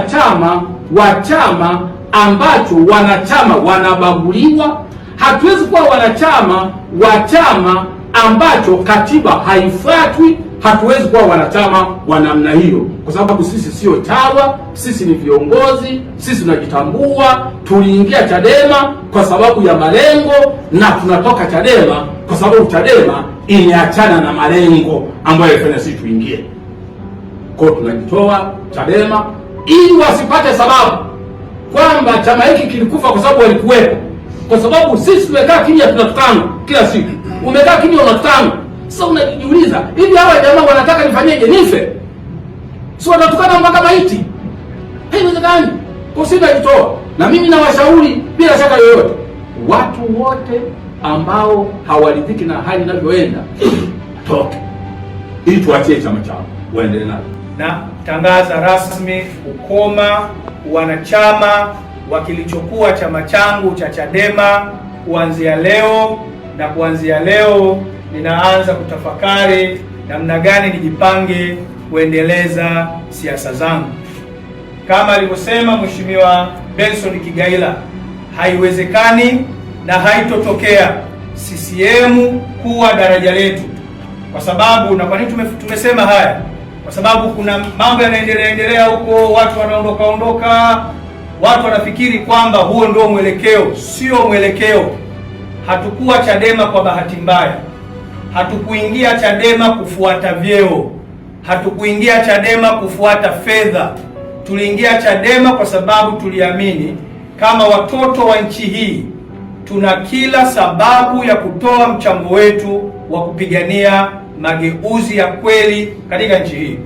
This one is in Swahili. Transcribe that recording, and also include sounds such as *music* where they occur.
wanachama wa chama ambacho wanachama wanabaguliwa. Hatuwezi kuwa wanachama wa chama ambacho katiba haifuatwi. Hatuwezi kuwa wanachama wa namna hiyo, kwa sababu sisi sio chawa, sisi ni viongozi, sisi tunajitambua. Tuliingia Chadema kwa sababu ya malengo na tunatoka Chadema kwa sababu Chadema iliachana na malengo ambayo yalifanya sisi tuingie. Kwa hiyo tunajitoa Chadema ili wasipate sababu kwamba chama hiki kilikufa kwa sababu walikuwepo. Kwa sababu sisi tumekaa kimya, tunatukana kila siku, umekaa kimya, unatukana. Sasa unajiuliza, hivi hawa jamaa wanataka nifanyeje? Nife? si wanatukana mpaka maiti? Haiwezekani. Usitajitoa na mimi nawashauri bila shaka yoyote, watu wote ambao hawaridhiki na hali inavyoenda *clears throat* toke, ili tuachie chama chao waendelee nayo na tangaza rasmi ukoma wanachama wa kilichokuwa chama changu cha Chadema kuanzia leo, na kuanzia leo ninaanza kutafakari namna gani nijipange kuendeleza siasa zangu. Kama alivyosema Mheshimiwa Benson Kigaila, haiwezekani na haitotokea CCM kuwa daraja letu, kwa sababu na kwa nini tumesema haya kwa sababu kuna mambo yanaendelea endelea huko, watu wanaondoka ondoka, watu wanafikiri kwamba huo ndio mwelekeo. Sio mwelekeo. Hatukuwa Chadema kwa bahati mbaya, hatukuingia Chadema kufuata vyeo, hatukuingia Chadema kufuata fedha. Tuliingia Chadema kwa sababu tuliamini kama watoto wa nchi hii tuna kila sababu ya kutoa mchango wetu wa kupigania mageuzi ya kweli katika nchi hii.